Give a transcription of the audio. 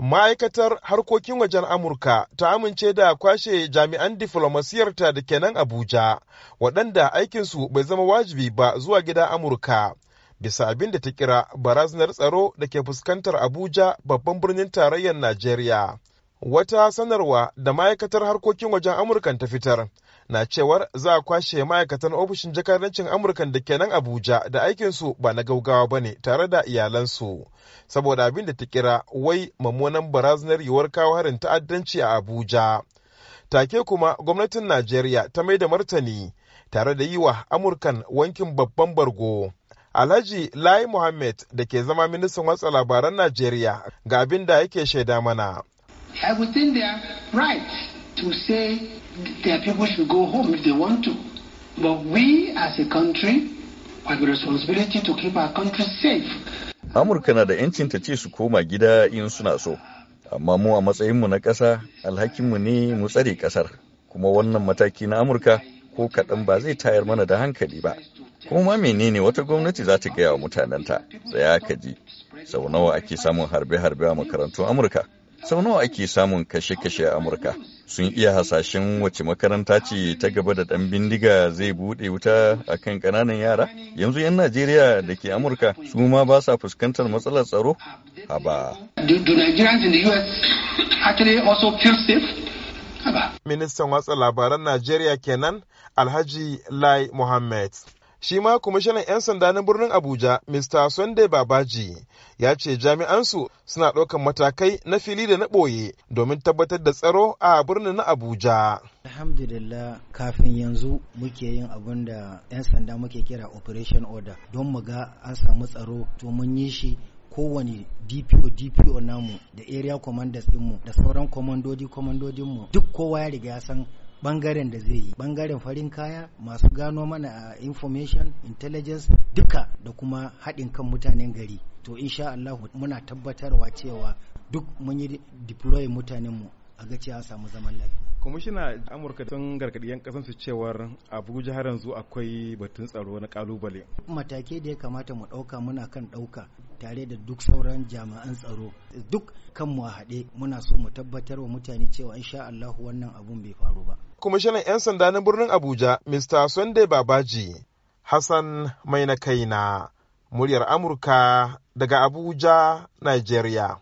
ma'aikatar harkokin wajen amurka ta amince da kwashe jami'an diflomasiyarta da kenan abuja waɗanda aikinsu bai zama wajibi ba zuwa gida amurka bisa abin da ta kira barazanar tsaro da ke fuskantar abuja babban birnin tarayyar najeriya wata sanarwa da ma'aikatar harkokin wajen amurkan ta fitar na cewar za a kwashe ma'aikatan ofishin jakadancin amurkan da ke nan abuja da aikinsu ba na gaugawa ba ne tare da iyalansu saboda abin da ta kira wai mummunan barazanar yiwuwar kawo harin ta'addanci a abuja take kuma gwamnatin najeriya ta mai da martani tare da yi wa amurkan wankin babban bargo Alhaji Lai Mohammed da ke zama ministan watsa labaran Najeriya ga abin da yake shaida mana. I to say their people should go home if they want to. But we as a country have a responsibility to keep our country safe. Amurka na da 'yancin ta ce su koma gida in suna so, amma mu a matsayinmu na ƙasa alhakinmu ne mu tsare ƙasar, kuma wannan mataki na Amurka ko kaɗan ba zai tayar mana da hankali ba. Kuma menene wata gwamnati za ta gaya wa mutanenta, tsaya ka ji, sau nawa ake samun harbe-harbe a makarantun Amurka. sau nawa ake samun kashe-kashe a amurka sun iya hasashen wace makaranta ce ta gaba da ɗan bindiga zai buɗe wuta a kan ƙananan yara yanzu 'yan najeriya da ke amurka su ma ba sa fuskantar matsalar tsaro haba ministan watsa labaran najeriya kenan alhaji lai mohammed shi ma kwamishinan 'yan sanda na birnin abuja mr sunday babaji ya ce jami'ansu suna ɗaukan matakai na fili da na ɓoye domin tabbatar da tsaro a birnin na abuja alhamdulillah kafin yanzu muke yin abin da 'yan sanda muke kira operation order don mu ga an samu tsaro to mun yi shi kowane dpo dpo namu da area commanders dinmu da sauran komandodi mu duk kowa ya riga ya san bangaren da zai yi bangaren farin kaya masu gano mana ah, information intelligence duka da kuma haɗin kan mutanen gari to insha Allah muna tabbatarwa cewa duk mun yi deploy mutanenmu a ga cewa samu zaman lafiya kwamishina amurka sun gargaɗi yan ƙasan su cewar abuja har yanzu akwai batun tsaro na kalubale matake da ya kamata mu ɗauka muna kan ɗauka tare da duk sauran jami'an tsaro duk kanmu a haɗe muna so mu tabbatar wa mutane cewa insha Allah wannan abun bai faru ba kwamishinan 'yan sanda na birnin abuja mr sunday babaji hassan mai na kaina muryar amurka daga abuja nigeria